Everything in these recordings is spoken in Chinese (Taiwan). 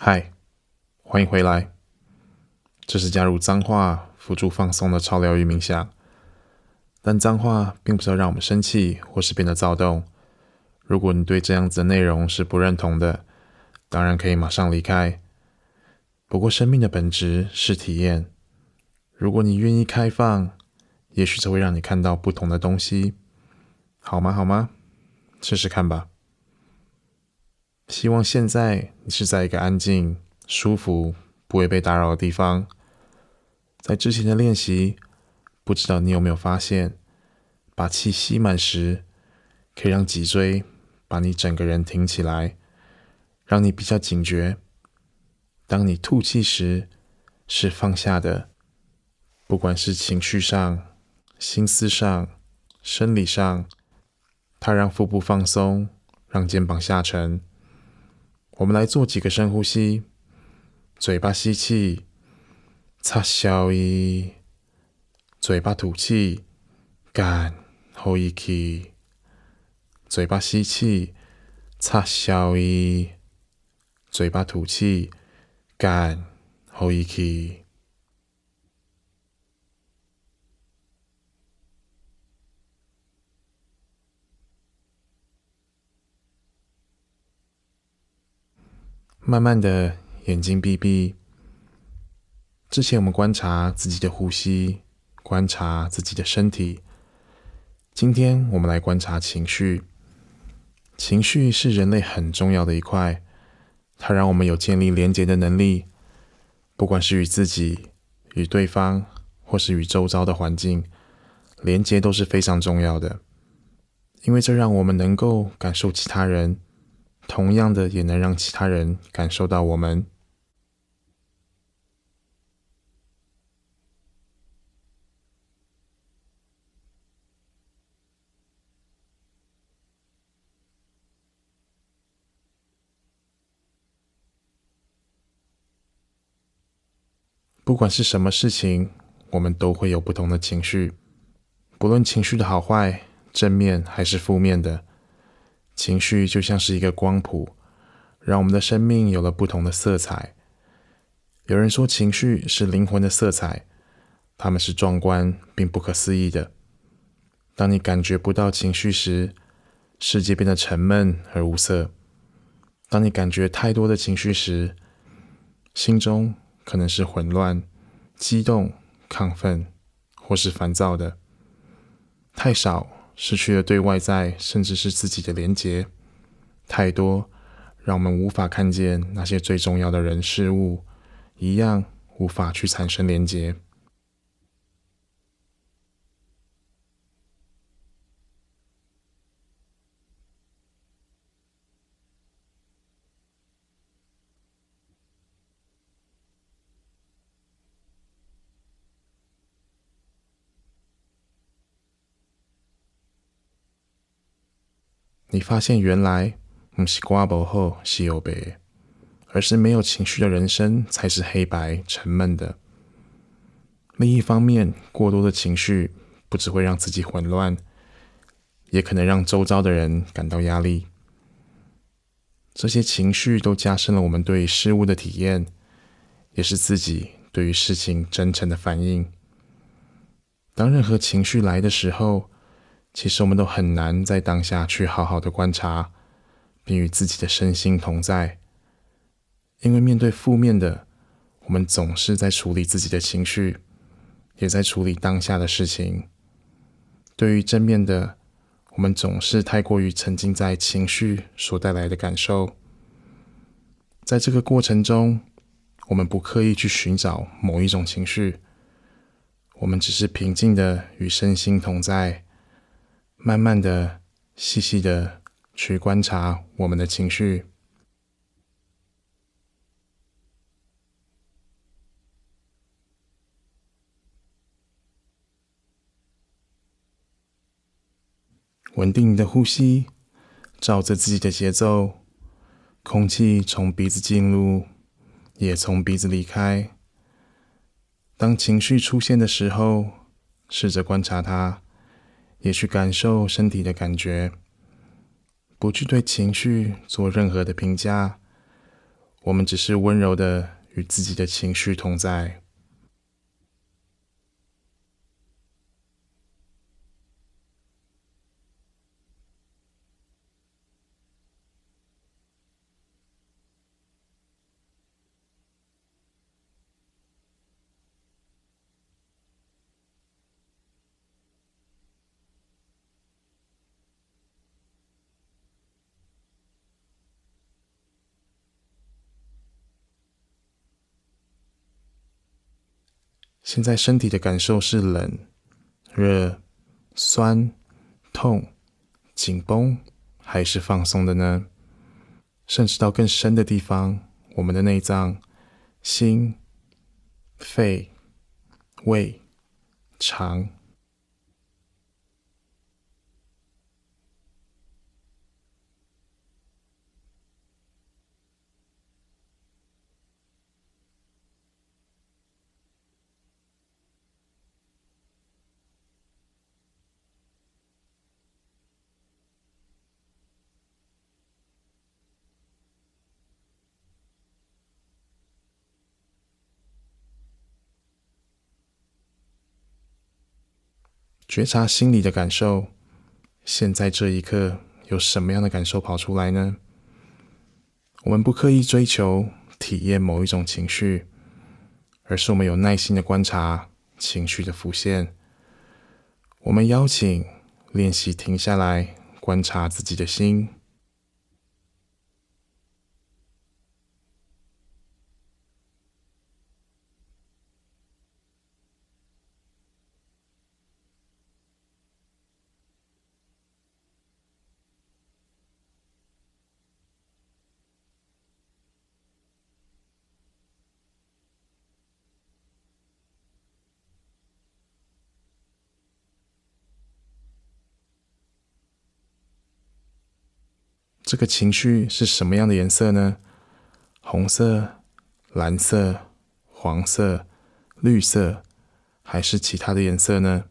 嗨，Hi, 歡迎回來。這是加入髒話輔助放鬆的超療癒冥想，但髒話並不需要讓我們生氣或是變得躁動。如果你對這樣子的內容是不認同的，當然可以馬上離開。不過生命的本質是體驗，如果你願意開放，也許這會讓你看到不同的東西。好嗎？好嗎？試試看吧。希望現在你是在一個安靜、舒服、不會被打擾的地方。在之前的練習，不知道你有沒有發現，把氣吸滿時，可以讓脊椎把你整個人挺起來，讓你比較警覺。當你吐氣時，是放下的，不管是情緒上、心思上、生理上，它讓腹部放鬆，讓肩膀下沉。我們來做幾個深呼吸，嘴巴吸氣，差小伊，嘴巴吐氣，幹吼伊去，嘴巴吸氣，差小伊，嘴巴吐氣，幹吼伊去。慢慢的，眼睛閉閉。之前我們觀察自己的呼吸，觀察自己的身體。今天我們來觀察情緒。情緒是人類很重要的一塊，它讓我們有建立連接的能力。不管是與自己、與對方，或是與周遭的環境，連接都是非常重要的，因為這讓我們能夠感受其他人。同樣的，也能讓其他人感受到我們。不管是什麼事情，我們都會有不同的情緒。不論情緒的好壞，正面還是負面的。情緒就像是一個光譜，讓我們的生命有了不同的色彩。有人說，情緒是靈魂的色彩，它們是壯觀並不可思議的。當你感覺不到情緒時，世界變得沉悶而無色；當你感覺太多的情緒時，心中可能是混亂、激動、亢奮，或是煩躁的。太少，失去了對外在，甚至是自己的連結，太多，讓我們無法看見那些最重要的人事物，一樣無法去產生連結。你發現原來嗯，是瓜薄後，是有別，而是沒有情緒的人生才是黑白沉悶的。另一方面，過多的情緒不只會讓自己混亂，也可能讓周遭的人感到壓力。這些情緒都加深了我們對事物的體驗，也是自己對於事情真誠的反應。當任何情緒來的時候，其實我們都很難在當下去好好的觀察，並與自己的身心同在。因為面對負面的，我們總是在處理自己的情緒，也在處理當下的事情。對於正面的，我們總是太過於沉浸在情緒所帶來的感受。在這個過程中，我們不刻意去尋找某一種情緒，我們只是平靜的與身心同在。慢慢的、細細的去觀察我們的情緒，穩定你的呼吸，照着自己的節奏，空氣從鼻子進入，也從鼻子離開。當情緒出現的時候，試着觀察它。也去感受身體的感覺，不去對情緒做任何的評價，我們只是溫柔的與自己的情緒同在。現在身體的感受是冷、熱、酸、痛、緊繃，還是放鬆的呢？甚至到更深的地方，我們的內臟、心、肺、胃、腸。覺察心裡的感受，現在這一刻有什麼樣的感受跑出來呢？我們不刻意追求體驗某一種情緒，而是我們有耐心的觀察情緒的浮現。我們邀請練習停下來觀察自己的心。這個情緒是什麼樣的顏色呢？紅色、藍色、黃色、綠色，還是其他的顏色呢？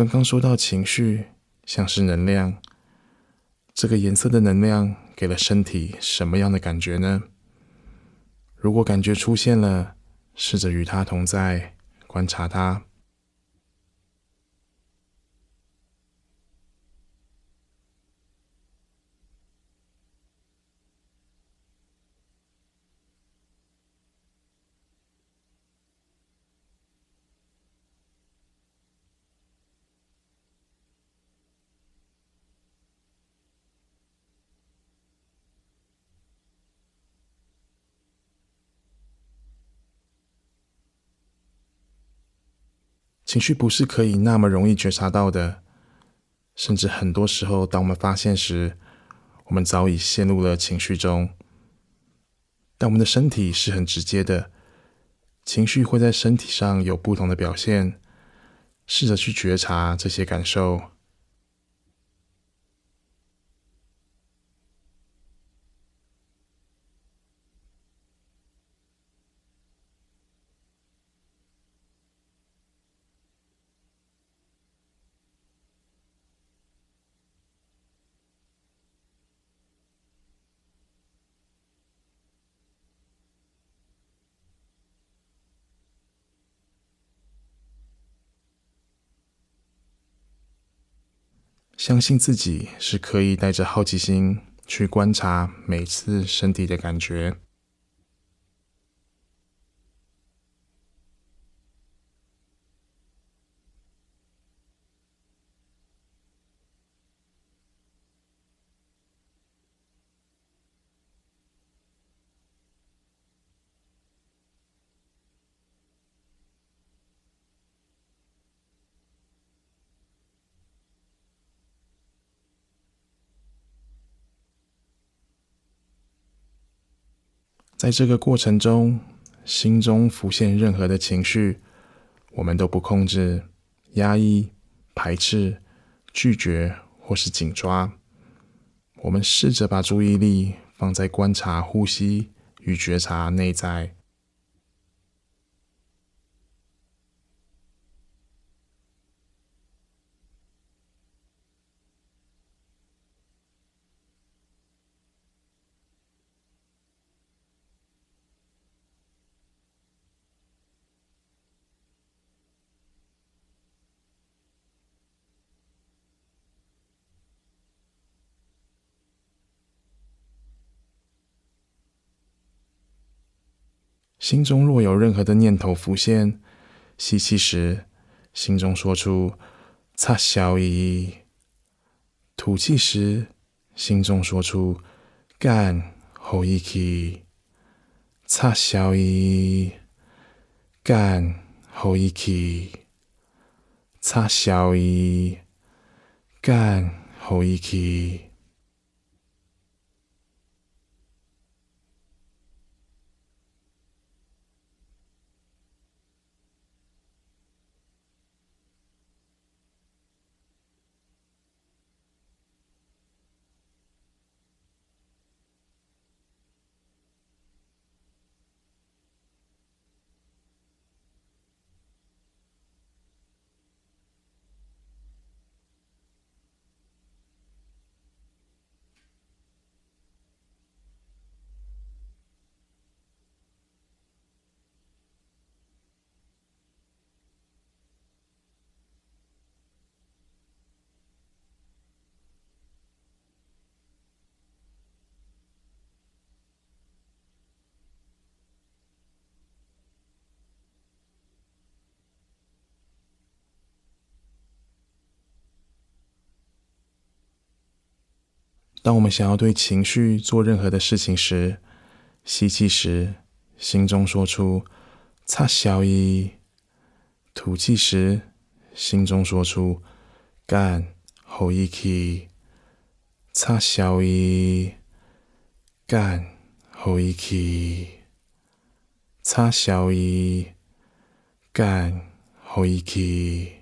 剛剛說到情緒像是能量，這個顏色的能量給了身體什麼樣的感覺呢？如果感覺出現了，試着與它同在，觀察它。情緒不是可以那麼容易覺察到的，甚至很多時候，當我們發現時，我們早已陷入了情緒中。但我們的身體是很直接的，情緒會在身體上有不同的表現，試着去覺察這些感受。相信自己是可以帶着好奇心去觀察每次身體的感覺。在這個過程中，心中浮現任何的情緒，我們都不控制、壓抑、排斥、拒絕或是緊抓。我們試着把注意力放在觀察呼吸與覺察內在。心中若有任何的念頭浮現，吸氣時心中說出“差小伊”，吐氣時心中說出“幹吼伊去”。差小伊，幹吼伊去。差小伊，幹吼伊去。當我們想要對情緒做任何的事情時，吸氣時心中說出“差小伊”，吐氣時心中說出“幹吼伊去”，差小伊，幹吼伊去，差小伊，幹吼伊去。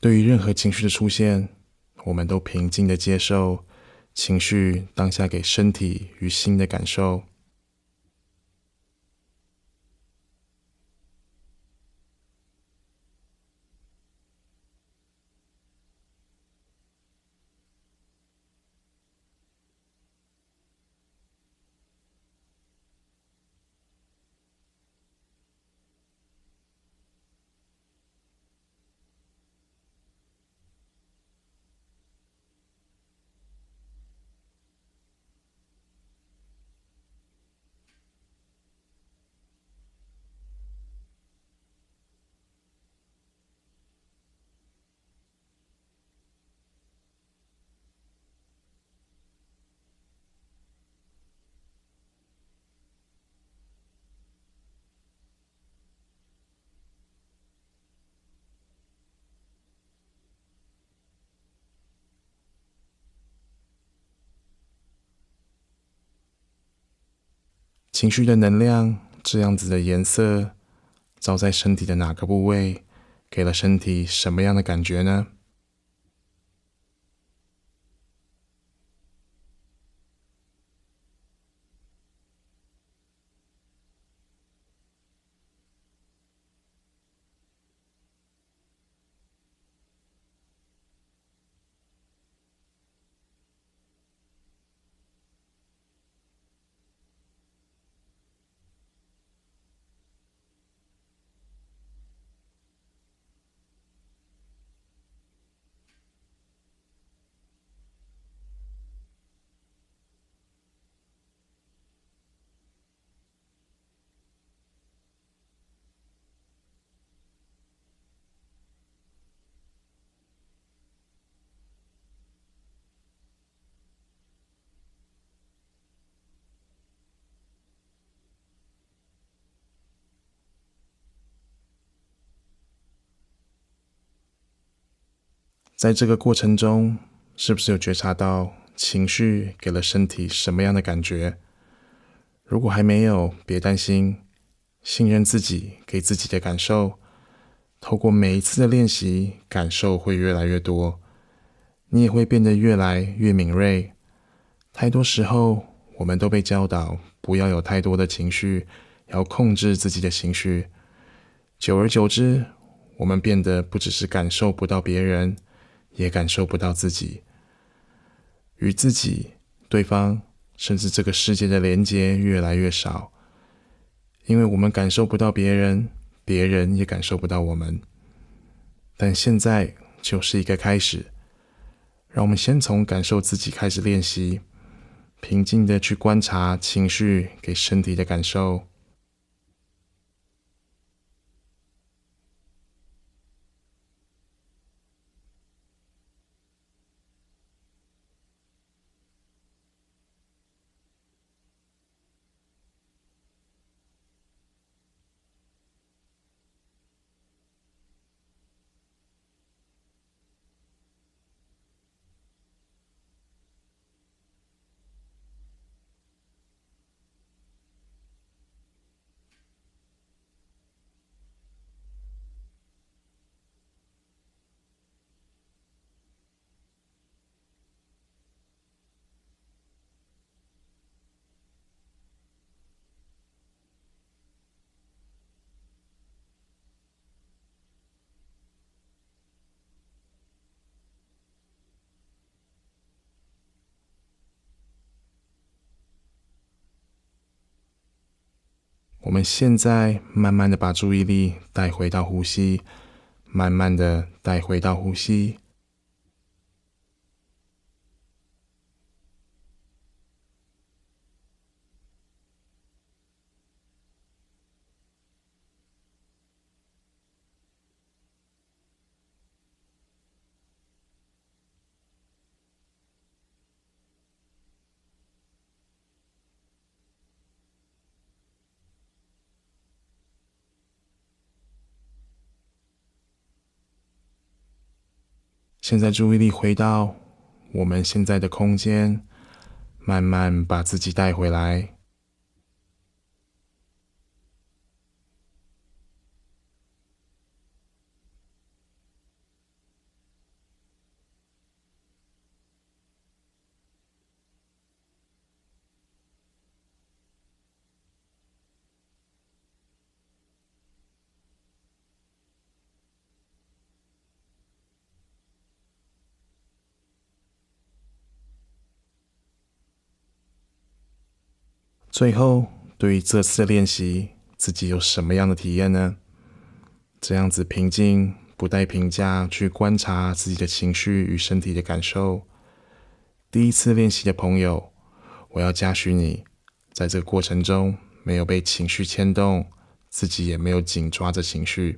對於任何情緒的出現，我們都平靜地接受情緒當下給身體與心的感受。情緒的能量，這樣子的顏色，照在身體的哪個部位，給了身體什麼樣的感覺呢？在這個過程中，是不是有覺察到情緒給了身體什麼樣的感覺？如果還沒有，別擔心，信任自己給自己的感受。透過每一次的練習，感受會越來越多，你也會變得越來越敏銳。太多時候，我們都被教導不要有太多的情緒，要控制自己的情緒。久而久之，我們變得不只是感受不到別人。也感受不到自己。與自己、對方，甚至這個世界的連接越來越少，因為我們感受不到別人，別人也感受不到我們。但現在就是一個開始，讓我們先從感受自己開始練習，平靜的去觀察情緒給身體的感受。我們現在慢慢的把注意力帶回到呼吸，慢慢的帶回到呼吸。現在注意力回到我們現在的空間，慢慢把自己帶回來。最後，對於這次的練習，自己有什麼樣的體驗呢？這樣子平靜，不帶評價去觀察自己的情緒與身體的感受。第一次練習的朋友，我要嘉許你，在這個過程中沒有被情緒牽動，自己也沒有緊抓着情緒，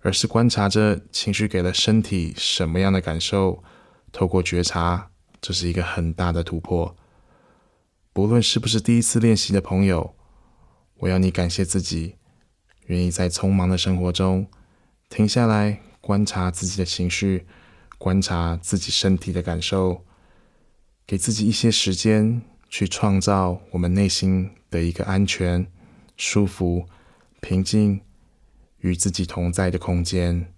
而是觀察着情緒給了身體什麼樣的感受。透過覺察，這是一個很大的突破。無論是不是第一次練習的朋友，我要你感謝自己，願意在匆忙的生活中停下來，觀察自己的情緒，觀察自己身體的感受，給自己一些時間去創造我們內心的一個安全、舒服、平靜與自己同在的空間。